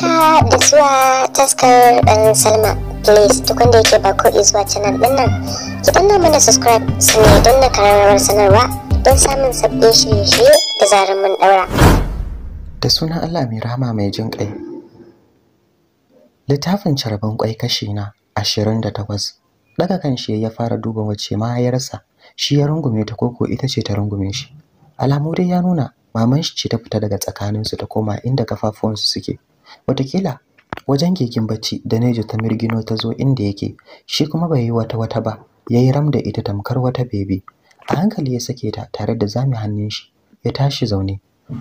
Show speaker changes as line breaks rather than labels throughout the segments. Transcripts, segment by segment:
haka da zuwa taskar dan salma please duk wanda yake ba ko zuwa canal din nan ki danna mana subscribe su ne don na kararrawar sanarwa don samun sabbin shirye-shirye da zarar mun daura da sunan allah mai rahama mai jin kai littafin carban kwai kashi na ashirin da takwas daga kan shi ya fara duba wacce mahaiyarsa shi ya rungume ta koko ita ce ta rungume shi alamu dai ya nuna maman shi ce ta fita daga tsakaninsu ta koma inda kafafuwansu suke watakila wajen kekin bacci da nejo ta mirgino ta zo inda yake shi kuma bai yi wata wata ba ya yi ram da ita tamkar wata bebe a hankali ya sake ta tare da zami hannun shi ya tashi zaune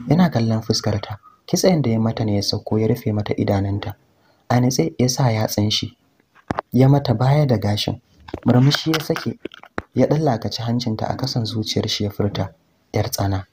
yana kallon fuskar ta kitsayin da ya mata ne ya sauko ya rufe mata idanunta, a nitse ya sa yatsan shi ya mata baya da gashin murmushi ya sake ya ɗallakaci hancinta a kasan zuciyar shi ya furta yar tsana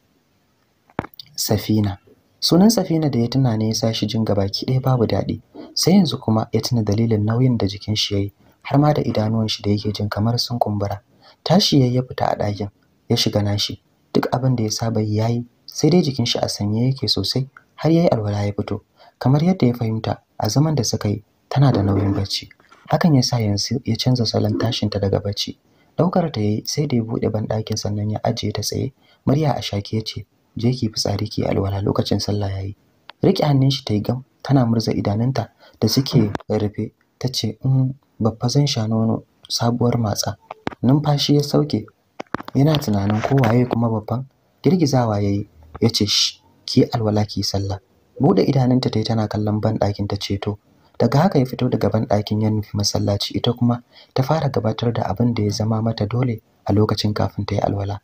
safina sunan safina da ya tuna ne ya sa shi jin gabaki ɗaya babu daɗi sai yanzu kuma ya tuna dalilin nauyin da jikin shi ya yi, har ma da idanuwan shi da yake jin kamar sun kumbura tashi yayi ya fita a ɗakin ya shiga nashi duk abin da ya saba yi sai dai jikin shi a sanye yake sosai har ya yi alwala ya fito kamar yadda ya fahimta a zaman da suka yi tana da nauyin bacci hakan ya sa yanzu ya canza salon tashinta ta daga bacci Ɗaukar ta yi sai da ya buɗe banɗakin sannan ya ajiye ta tsaye murya a shaki ya ce je ki fitsari ki alwala lokacin sallah yayi rike hannun shi ta yi gam tana murza idanunta da suke rufe ta ce in mm, babba zan sha nono sabuwar matsa numfashi ya sauke yana tunanin ko waye kuma babban girgizawa yayi ya ce shi ki alwala ki sallah bude idanunta ta yi tana kallon ban ɗakin ta ceto daga haka ya fito daga ban ɗakin ya nufi masallaci ita kuma ta fara gabatar da abin da ya zama mata dole a lokacin kafin ta yi alwala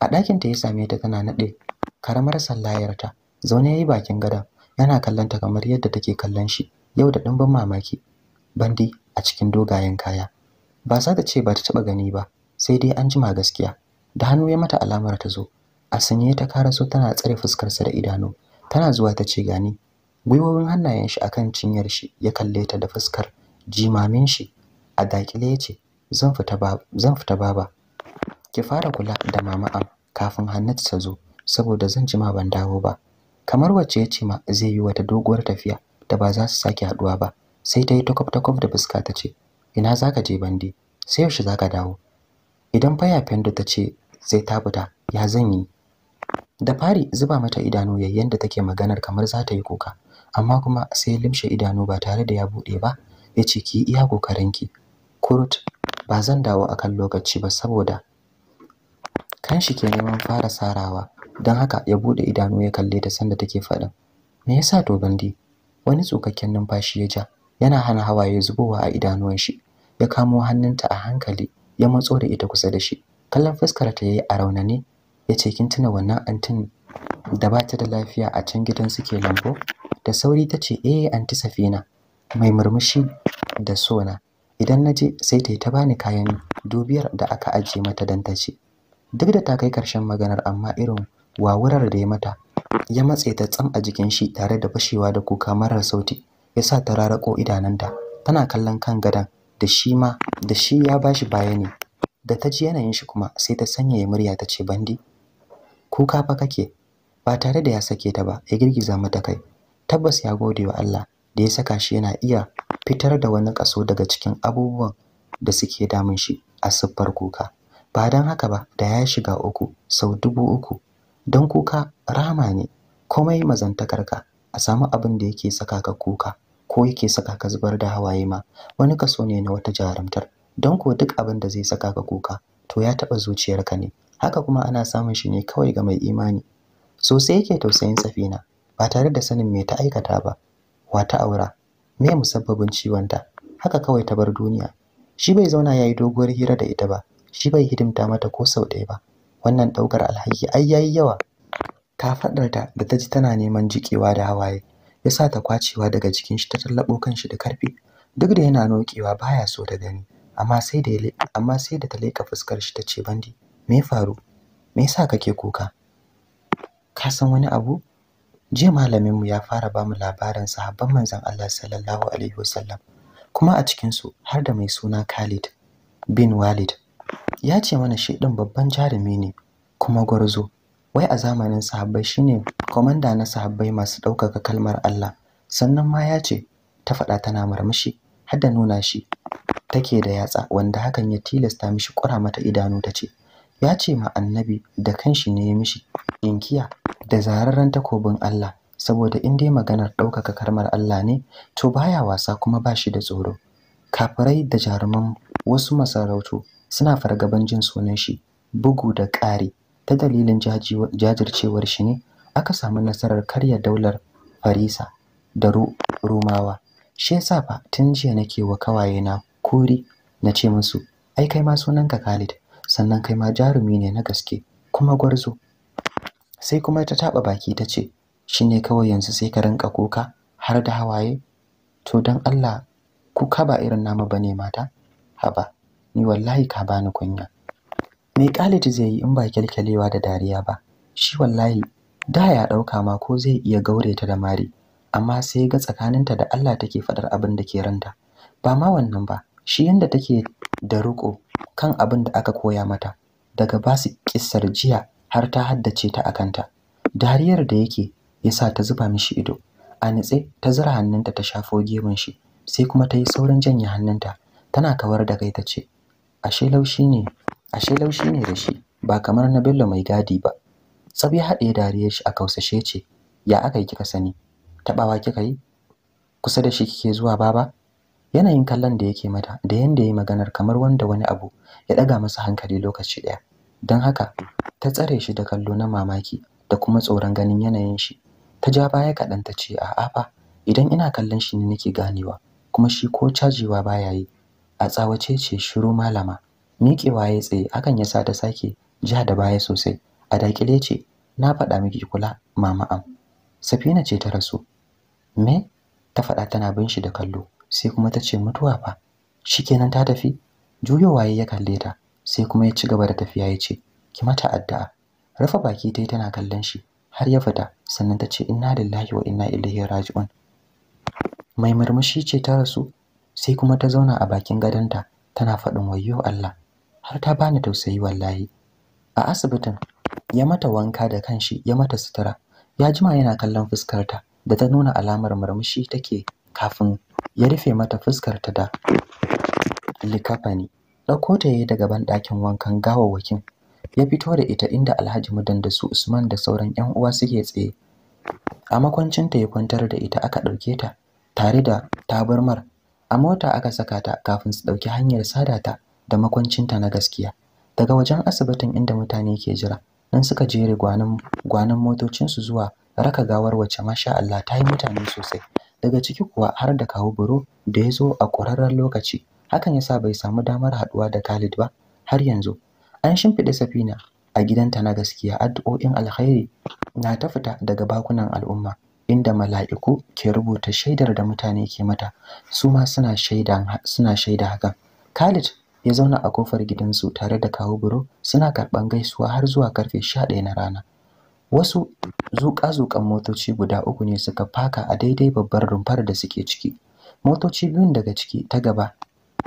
a ɗakin ta ya same ta tana naɗe karamar sallayarta zaune yayi bakin gadon yana kallonta kamar yadda take kallon shi yau da ɗimbin mamaki bandi a cikin dogayen kaya ba za ta ce ba ta taɓa gani ba sai dai an jima gaskiya da hannu ya mata alamar ta zo a sanye ta karaso tana tsare fuskarsa da idanu tana zuwa ta ce gani gwiwowin hannayen shi akan cinyar shi ya kalle ta da fuskar jimamin shi a dakile ya ce zan fita baba ki fara kula da mama am kafin hannatu ta zo saboda zan jima ban dawo ba kamar wacce ya ce ma zai yi wata doguwar tafiya da ba za su sake haduwa ba sai ta yi takwaf-takwaf da fuska ta ce ina za ka je bandi sai yaushe za ka dawo idan faya fendo ta ce zai tabuta, ya zan yi da fari zuba mata idanu yayyen da take maganar kamar za ta yi kuka amma kuma sai limshe idanu ba tare da ya buɗe ba ya ce ki iya ki kurut ba zan dawo akan lokaci ba saboda kan shi ke neman fara sarawa don haka ya bude idanu ya kalle ta sanda take faɗin me yasa to bandi wani tsokakken numfashi ya ja yana hana hawaye zubowa a idanuwan shi ya kamo hannunta a hankali ya matso da ita kusa da shi kallon fuskar ta yayi a raunane ya ce kin tuna wannan antin da ba ta da lafiya a can gidan suke lambo da sauri ta ce eh anti safina mai murmushi da sona idan naje sai ta yi ta bani kayan dubiyar da aka ajiye mata dan ta ce duk da ta kai karshen maganar amma irin wawurar da ya mata ya matse ta tsam a jikin shi tare da fashewa da kuka marar sauti ya sa ta rarako idananta tana kallon kan gadon, da shi ma da shi ya bashi bayani. da ta ji yanayin shi kuma sai ta sanya ya murya ta ce bandi kuka fa kake ba tare da ya sake ta ba ya girgiza mata kai tabbas ya gode wa Allah da ya saka shi yana iya fitar da wani kaso daga cikin abubuwan da suke damun shi a siffar kuka ba don haka ba da ya shiga uku sau dubu uku don kuka rama ne komai mazantakarka a samu abin da yake saka ka kuka ko yake saka ka zubar da hawaye ma wani kaso ne na wata jarumtar don ko duk abin da zai saka ka kuka to ya taɓa zuciyarka ne haka kuma ana samun shi ne kawai ga mai imani sosai yake tausayin safina ba tare da sanin me ta aikata ba Wata aura me musabbabin ciwonta haka kawai ta bar duniya shi bai zauna yayi doguwar hira da ita ba shi bai hidimta mata ko sau ɗaya ba wannan ɗaukar alhaki ai yayi yawa ta ta da ta ji tana neman jikewa da hawaye ya sa ta kwacewa daga jikin shi ta tallabo shi da karfi duk da yana nokewa baya so da gani amma sai da amma sai da ta leka fuskar shi ta ce bandi me faru me yasa kake kuka ka san wani abu jiya malamin mu ya fara ba mu labarin sahabban manzon Allah sallallahu alaihi wasallam kuma a cikin su har da mai suna Khalid bin Walid ya ce mana shi ɗin babban jarumi ne kuma gwarzo wai a zamanin sahabbai shine komanda na sahabbai masu ɗaukaka kalmar Allah sannan ma ya ce ta faɗa tana marmashi har da nuna shi take da yatsa wanda hakan ya tilasta mishi kura mata idanu ta ce ya ce ma annabi da kanshi ne ya mishi inkiya da zararren takobin Allah saboda in dai maganar ɗaukaka kalmar Allah ne to baya wasa kuma ba shi da tsoro kafirai da jaruman wasu masarautu suna fargaban jin sunan shi bugu da ƙari ta dalilin jajircewar shi ne aka samu nasarar karya daular farisa da rumawa shi yasa fa tun jiya nake wa kawaye na kori na ce musu ai kai ma sunanka Khalid sannan kai ma jarumi ne na gaske kuma gwarzo sai kuma ta taba baki ta ce shine kawai yanzu sai ka rinka kuka har da hawaye to don Allah ku kaba irin namu bane mata haba ni wallahi ka bani kunya me Khalid zai yi in ba kyalkyalewa da dariya ba shi wallahi da ya dauka ma ko zai iya gaure ta da mari amma sai ga tsakaninta da Allah take fadar abin da ke ranta ba ma wannan ba shi yanda take da riko kan abin da aka koya mata daga basu kissar jiya har ta haddace ta akanta dariyar da yake yasa ta zuba mishi ido a nitse ta zura hannunta ta shafo gemun shi sai kuma ta yi saurin janye hannunta tana kawar da kai ta ce ashe laushi ne ashe laushi ne da shi ba kamar na Bello mai gadi ba haɗe ya dariyar shi a kausashe ce ya aka yi kika sani taɓawa kika yi kusa da shi kike zuwa baba yanayin kallon da yake mata da yanda yayi maganar kamar wanda wani abu ya ɗaga masa hankali lokaci ɗaya, don haka ta tsare shi da kallo na mamaki da kuma tsoron ganin yanayin shi ta ja baya kaɗan ta ce a'a fa idan ina kallon shi ne nake ganewa kuma shi ko cajewa baya yi a tsawace ce shiru malama miƙewa ya tsaye akan ya sa ta sake jiha da baya sosai a dakile ce na faɗa miki kula mama am safina ce ta rasu me ta faɗa tana bin shi da kallo sai kuma ta ce mutuwa fa shikenan ta tafi waye ya kalle ta sai kuma ya ci gaba da tafiya ya ce ki mata addu'a rufe baki ta tana kallon shi har ya fita sannan ta ce inna lillahi wa inna ilaihi raji'un mai murmushi ce ta rasu sai kuma ta zauna a bakin gadonta tana faɗin wayo Allah har ta bani tausayi wallahi a asibitin ya mata wanka da kanshi ya mata sutura ya jima yana kallon fuskarta da ta nuna alamar murmushi take kafin ya rufe mata fuskarta da likafani dauko ta yayi daga ban ɗakin wankan gawawwakin ya fito da ita inda Alhaji Mudan da su Usman da sauran ƴan uwa suke tsaye a makwancinta ya kwantar da ita aka ɗauke ta tare da tabarmar a mota aka saka ta kafin su ɗauki hanyar sadata da makwancinta na gaskiya daga wajen asibitin inda mutane ke jira nan suka jere gwanin gwanin su zuwa raka gawar wacce masha Allah ta yi mutane sosai daga ciki kuwa har da kawo buro da ya zo a ƙwararren lokaci hakan yasa bai samu damar haɗuwa da Khalid ba har yanzu an shimfiɗa safina a gidanta na gaskiya addu'o'in alkhairi na ta fita daga bakunan al'umma inda mala'iku ke rubuta shaidar da mutane ke mata su ma suna shaida suna hakan Khalid ya zauna a kofar gidansu tare da kawo buro suna karban gaisuwa har zuwa karfe sha 11 na rana wasu zuƙa-zuƙan motoci guda uku ne suka faka a daidai babbar rumfar da suke ciki motoci biyun daga ciki ta gaba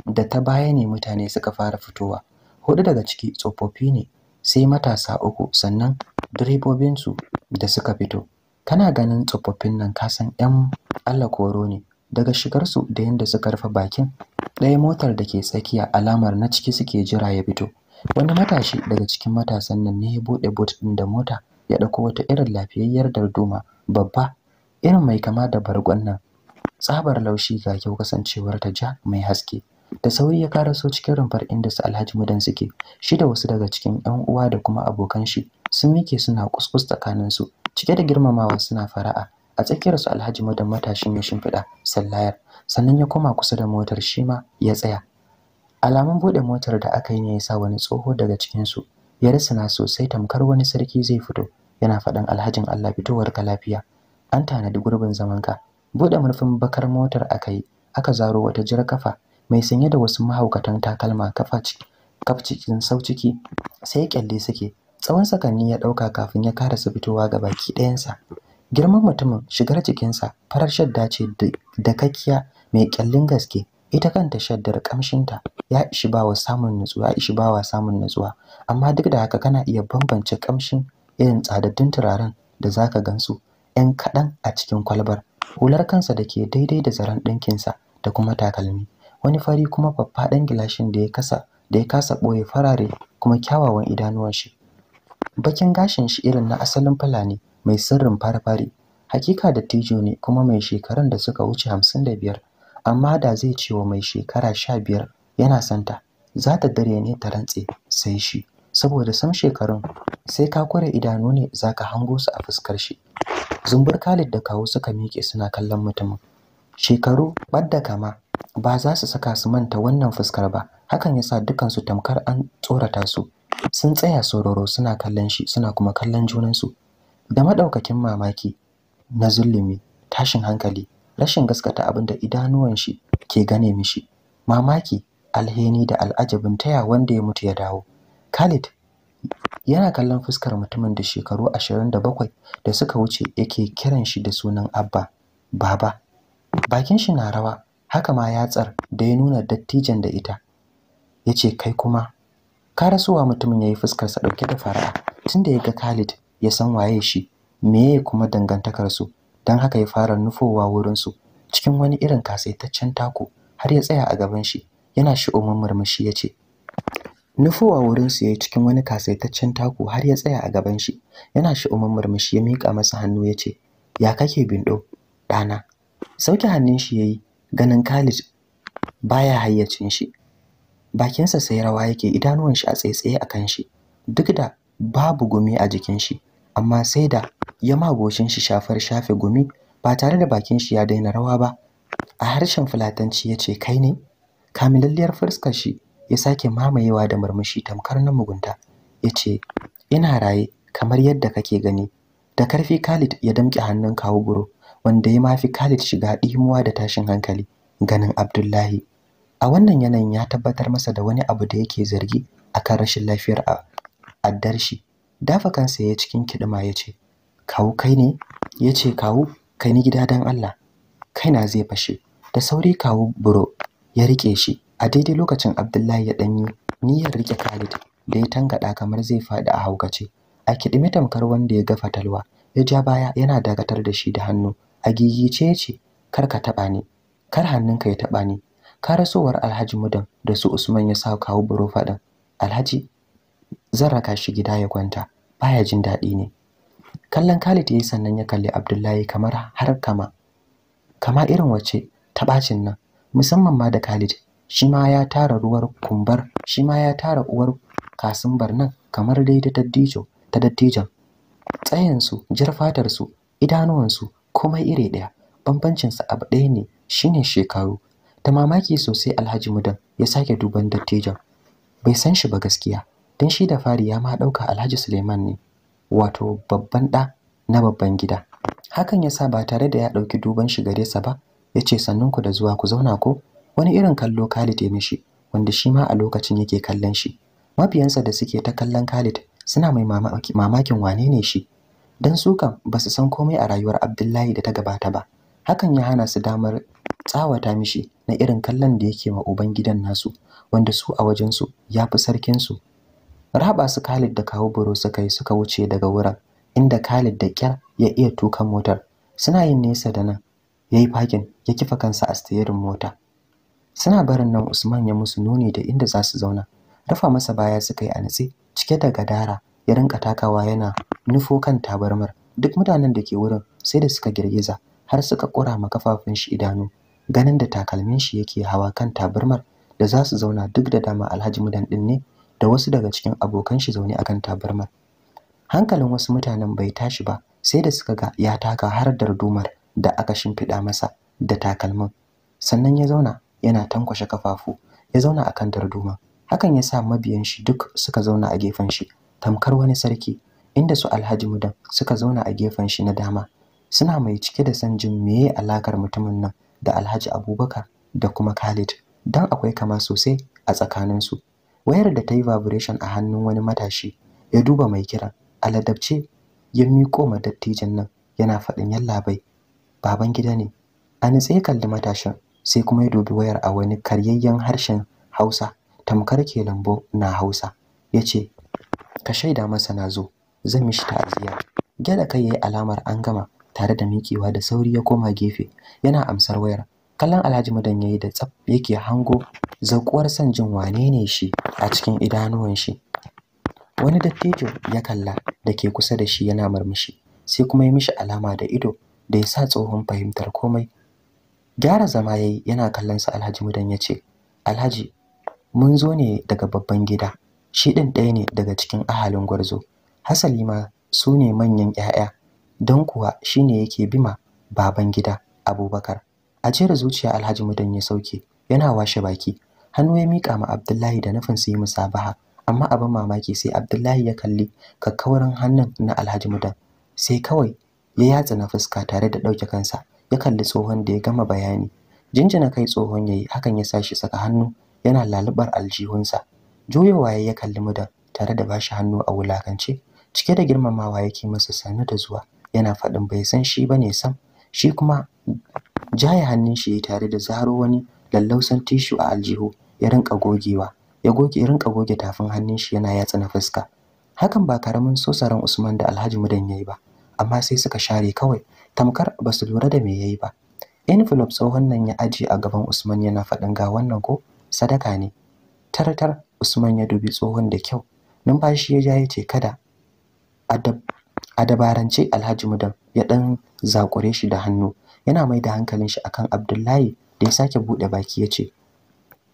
da ta baya ne mutane suka fara fitowa hudu daga ciki tsofaffi ne sai matasa uku sannan direbobinsu da suka fito kana ganin tsofaffin nan kasan san yan Allah koro ne daga shigarsu da yanda suka rufe bakin ɗaya motar da ke tsakiya alamar na ciki suke jira ya fito wani matashi daga cikin matasan nan ne ya buɗe boot ɗin da mota ya ɗauko wata irin lafiyayyar darduma babba irin mai kama da bargon nan tsabar laushi ga kyau kasancewar ta ja mai haske da sauri ya karaso cikin rumfar inda su Alhaji Mudan suke shi da wasu daga cikin ƴan uwa da kuma abokan shi sun mike suna kuskus tsakanin su cike da girmamawa suna fara'a a tsakiyarsu Alhaji Madan matashin ya shimfiɗa sallayar sannan ya koma kusa da motar shi ma ya tsaya alamun buɗe motar da aka yi ne sa wani tsoho daga cikin su ya risina sosai tamkar wani sarki zai fito yana faɗan Alhajin Allah fitowar ka lafiya an tanadi gurbin zaman ka bude murfin bakar motar aka yi aka zaro wata jar kafa mai sanye da wasu mahaukatan takalma kafa cikin sau ciki sai kyalle suke tsawon sakanni ya ɗauka kafin ya kara su fitowa ga baki ɗayansa girman mutumin shigar jikinsa farar shadda ce da kakkiya mai ƙyallin gaske ita kanta shaddar kamshinta ya ishi bawa samun nutsuwa ishi bawa samun nutsuwa amma duk da haka kana iya bambance kamshin irin tsadaddun turaren da za zaka gansu yan kaɗan a cikin kwalbar hular kansa da ke daidai da zaren ɗinkinsa da kuma takalmi wani fari kuma faffaɗan gilashin da ya kasa da ya kasa ɓoye farare kuma kyawawan idanuwan shi bakin gashin shi irin na asalin fulani mai sirrin farfari hakika dattijo ne kuma mai shekarun da suka wuce hamsin da biyar amma da zai ce wa mai shekara sha biyar yana santa za ta dare ne ta rantse sai shi saboda sam shekarun sai ka kware idanu ne za ka hango su a fuskar shi zumbur khalid da kawo suka miƙe suna kallon mutumin shekaru badda kama ba za su saka su manta wannan fuskar ba hakan yasa dukansu tamkar an tsorata su sun tsaya sororo suna kallon shi suna kuma kallon junansu da madaukakin mamaki na zulumi tashin hankali rashin gaskata abin da idanuwan shi ke gane mishi mamaki alheni da al'ajabin taya wanda ya mutu ya dawo Khalid yana kallon fuskar mutumin da shekaru 27 da suka wuce yake kiran shi da sunan Abba baba bakin shi na rawa haka ma yatsar da ya nuna dattijan da ita yace kai kuma karasuwa mutumin ya yi fuskarsa ɗauke da fara'a tunda ya ga khalid ya san waye shi meye kuma dangantakarsu don haka ya fara nufowa wurinsu cikin wani irin kasaitaccen tako har ya tsaya a gaban shi yana shi murmushi ya ce nufowa wurinsu ya yi cikin wani kasaitaccen tako har ya tsaya a gaban shi yana shi murmushi ya mika masa hannu ya ce ya kake bindo ɗana sauke hannun shi ya yi ganin khalid baya hayyacin shi bakinsa sai rawa yake idanuwan shi a tsaitsaye a kan shi duk da babu gumi a jikin shi amma sai da ya ma goshin shi shafar shafe gumi ba tare da bakin shi ya daina rawa ba a harshen fulatanci ya ce kai ne kamilalliyar fuskar shi ya sake mamayewa da murmushi tamkar na mugunta ya ce ina raye kamar yadda kake gani da karfi Khalid ya damƙe hannun kawo guro wanda ya mafi Khalid shiga ɗimuwa da tashin hankali ganin Abdullahi a wannan yanayin ya tabbatar masa da wani abu da yake zargi akan rashin lafiyar addar shi dafa kansa ya cikin kidima ya ce kawu kai ne ya ce kawu kai ni gida don Allah kaina zai fashe da sauri kawu buro ya rike shi a daidai lokacin Abdullahi ya ɗanyi niyyar rike Khalid da ya tangada kamar zai faɗi a haukace a kidime tamkar wanda ya ga fatalwa ya ja baya yana dakatar da shi da hannu a gigice ce kar ka taɓa ni kar hannunka ya taɓa ni karasowar alhaji mudan da su usman ya sa kawo buro faɗin alhaji zan raka shi gida ya kwanta baya jin daɗi ne kallon khalid ya yi sannan ya kalli abdullahi kamar har kama kama irin wacce ta ɓacin nan musamman ma da khalid shi ma ya tara ruwar kumbar shi ma ya tara uwar kasimbar nan kamar dai ta dattijo ta dattijan tsayinsu jar fatarsu idanuwansu komai iri ɗaya bambancinsu abu ɗaya ne shine shekaru ta mamaki sosai alhaji mudan ya sake duban dattijan bai san shi ba gaskiya don shi da fari ya ma ɗauka alhaji suleiman ne wato babban ɗa na babban gida hakan ya sa ba tare da ya ɗauki duban shi gare sa ba ya ce sannunku da zuwa ku zauna ko wani irin kallo khalid ya mishi wanda shi ma a lokacin yake kallon shi mafiyansa da suke ta kallon khalid suna mai mamakin wane ne shi don su kan ba su san komai a rayuwar abdullahi da ta gabata ba hakan ya hana su damar tsawata mishi na irin kallon da yake ma uban gidan nasu wanda su a wajen su ya fi sarkinsu raba su Khalid da kawo buro suka yi suka wuce daga wurin inda Khalid da kyar ya iya tuka motar suna yin nesa da nan yayi fakin ya kifa kansa a steerin mota suna barin nan Usman ya musu nuni da inda za su zauna rufa masa baya suka yi a cike da gadara ya rinka takawa yana nufo kan tabarmar duk mutanen da ke wurin sai da suka girgiza har suka kura ma kafafun shi idanu ganin da takalmin shi yake hawa kan tabarmar da za su zauna duk da dama Alhaji Mudan din ne da wasu daga cikin abokan shi zaune akan tabarmar. Hankalin wasu mutanen bai tashi ba sai da suka ga ya taka har dardumar da aka shimfiɗa masa da takalmin. Sannan ya zauna yana tankwashe kafafu ya zauna akan darduma. Hakan ya sa mabiyan shi duk suka zauna a gefen shi tamkar wani sarki inda su Alhaji Mudan suka zauna a gefen shi na dama suna mai cike da san jin meye alakar mutumin nan da Alhaji Abubakar da kuma Khalid don akwai kama sosai a tsakaninsu. Wayar da ta yi vibration a hannun wani matashi ya duba mai kiran aladabce ya miƙo ma dattijan nan yana faɗin yallaɓai baban gida ne a nitse ya kalli matashin sai kuma ya dubi wayar a wani karyayyen harshen hausa tamkar ke lambo na hausa ya ce ka shaida masa na zo zan mishi ta'aziyya gyada kai yayi alamar an gama tare da mikewa da sauri ya koma gefe yana amsar wayar kallon Alhaji Madan yayi da tsaf yake hango zakuwar san jin wane ne shi a cikin idanuwan shi wani dattijo ya kalla da ke kusa da shi yana murmushi sai kuma ya mishi alama da ido da ya sa tsohon fahimtar komai gyara zama yayi yana kallon sa Alhaji Mudan ya ce Alhaji mun zo ne daga babban gida shi din ɗaya ne daga cikin ahalin gwarzo hasali ma su ne manyan 'ya'ya don kuwa shi shine yake bima baban gida Abubakar. Ajiyar zuciya Alhaji Mudan ya sauke yana washe baki. Hannu ya mika ma Abdullahi da nufin su yi musabaha amma abin mamaki sai Abdullahi ya kalli kakkawarin hannun na Alhaji Mudan. Sai kawai ya yatsa na fuska tare da ɗauke kansa ya kalli tsohon da ya gama bayani. Jinjina kai tsohon yayi hakan ya sa shi saka hannu yana lalubar aljihunsa. Juyowa ya kalli Mudan tare da bashi hannu a wulakance cike da girmamawa yake masa sannu da zuwa. yana faɗin bai san shi bane sam shi kuma jaye hannun shi tare da zaro wani lallausan tishu a aljihu ya rinka gogewa ya goge ya rinka goge tafin hannun shi yana yatsa na fuska hakan ba karamin sosaran Usman da Alhaji Mudan yayi ba amma sai suka share kawai tamkar ba su lura da me yayi ba envelope tsohon nan ya aje a gaban Usman yana faɗin ga wannan ko sadaka ne tartar Usman ya dubi tsohon da kyau numfashi ya jaye ce kada adab a dabarance alhaji mudan ya dan zakure shi da hannu yana mai da hankalin shi akan abdullahi da ya sake buɗe baki ya ce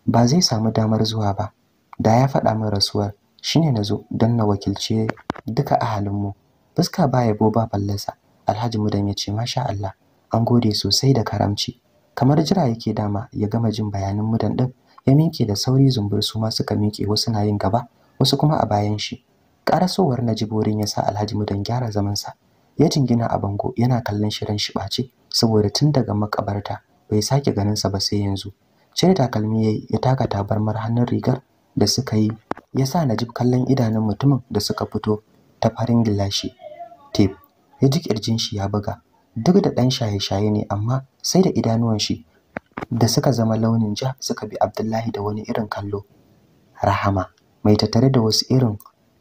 ba zai samu damar zuwa ba da ya faɗa min rasuwar shine na zo don na wakilce duka ahalin mu fuska ba yabo ba fallasa alhaji mudan ya ce masha allah an gode sosai da karamci kamar jira yake dama ya gama jin bayanin mudan din ya miƙe da sauri zumbur su ma suka miƙe wasu na yin gaba wasu kuma a bayan shi karasowar wurin ya sa alhaji mudan gyara zamansa ya jingina a bango yana kallon shirin shi saboda tun daga makabarta bai sake ganin sa ba sai yanzu cire takalmi yayi ya taka tabarmar hannun rigar da suka yi ya sa najib kallon idanun mutumin da suka fito ta farin gilashi Tip ya ji kirjin shi ya buga duk da ɗan shaye-shaye ne amma sai da idanuwan shi da suka zama launin ja suka bi abdullahi da wani irin kallo rahama mai tattare da wasu irin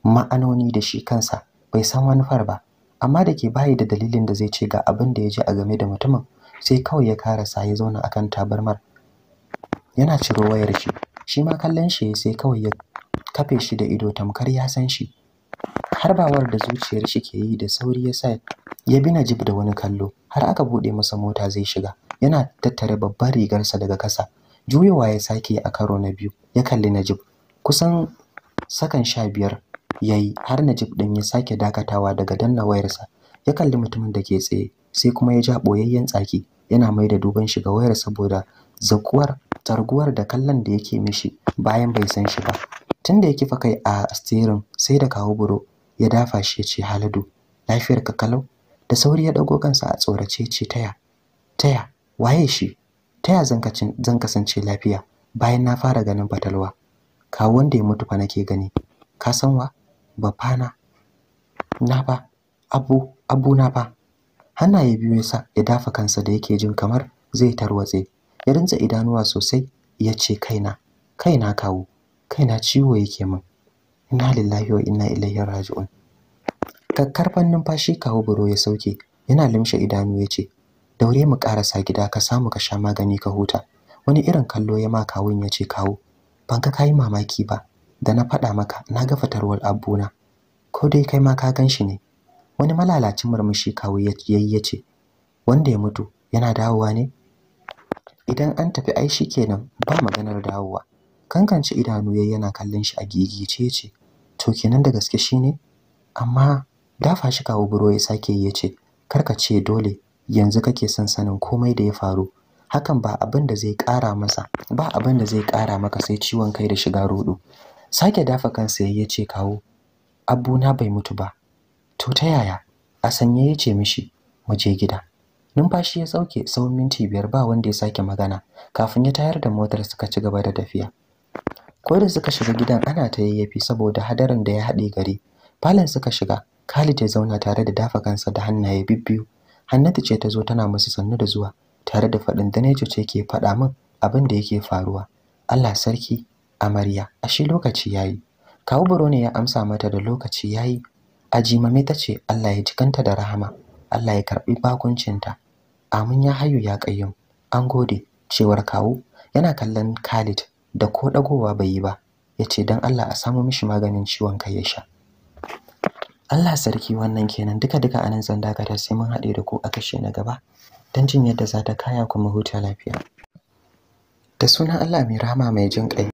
ma'anoni da shi kansa bai san manufar ba amma da ke bayi da dalilin da zai ce ga abin da ya ji a game da mutumin sai kawai ya karasa ya zauna akan tabarmar yana ciro wayar shi shi ma kallon shi sai kawai ya kafe shi da ido tamkar ya san shi harbawar da zuciyar shi ke yi da sauri ya sa ya bi Najib da wani kallo har aka bude masa mota zai shiga yana tattare babbar rigarsa daga kasa juyowa ya sake a karo na biyu ya kalli Najib kusan sakan sha biyar ya yi har Najib ɗin ya sake dakatawa daga danna wayarsa ya kalli mutumin da ke tsaye sai kuma ya ja ɓoyayyen tsaki yana mai da duban shi ga wayar saboda zakuwar targuwar da kallon da yake mishi bayan bai san shi ba tunda ya kifa kai a steering sai da kawo buro ya dafa shi ya ce haladu lafiyar ka kalau da sauri ya ɗago kansa a tsorace ce taya taya waye shi taya zan kasance lafiya bayan na fara ganin fatalwa kawo wanda ya mutu fa nake gani ka san wa bafana na ba abu abu na ba hannaye biyu yasa ya dafa kansa da yake jin kamar zai tarwatse ya rinza idanuwa sosai ya ce kaina kaina kawo kaina ciwo yake min inna lillahi wa inna ilaihi raji'un kakkarfan numfashi kawo buro ya sauke yana limshe idanu ya ce daure mu karasa gida ka samu ka sha magani ka huta wani irin kallo ya ma kawun ya ce kawo ban ka kayi mamaki ba da na faɗa maka na ga fatarwar abuna. ko dai kai ma ka gan shi ne wani malalacin murmushi kawo yi ya ce wanda ya mutu yana dawowa ne idan an tafi ai shi kenan ba maganar dawowa kankanci idanu yayi yana kallon shi a gigice ce to kenan da gaske shi ne? amma dafa shi kawo buro ya sake yi yace ce dole yanzu kake son sanin komai da ya faru hakan ba abin da zai kara masa ba abin da zai kara maka sai ciwon kai da shiga rudu sake dafa kansa ya ce kawo abuna bai mutu ba to ta yaya a sanye ya ce mishi mu je gida numfashi ya sauke tsawon minti biyar ba wanda ya sake magana kafin ya tayar da motar suka ci gaba da tafiya ko da suka shiga gidan ana ta yayyafi saboda hadarin da ya haɗe gari falon suka shiga Khalid ya zauna tare da dafa kansa da hannaye bibbiyu Hannatu ce ta zo tana musu sannu da zuwa tare da faɗin ne ce ke faɗa min abin da yake faruwa Allah sarki amarya ashe lokaci yayi kawu buro ne ya amsa mata da lokaci yayi Ajimami ta ce Allah ya jikanta da rahama Allah ya karbi bakuncinta amin ya hayu ya kayyum an gode cewar kawu yana kallon Khalid da ko dagowa bai yi ba yace dan Allah a samu mishi maganin ciwon kai ya sha Allah sarki wannan kenan duka duka anan zan dakata sai mun haɗe da ku a kashe na gaba dan jin yadda za ta kaya kuma huta lafiya da suna Allah mai rahama mai jin kai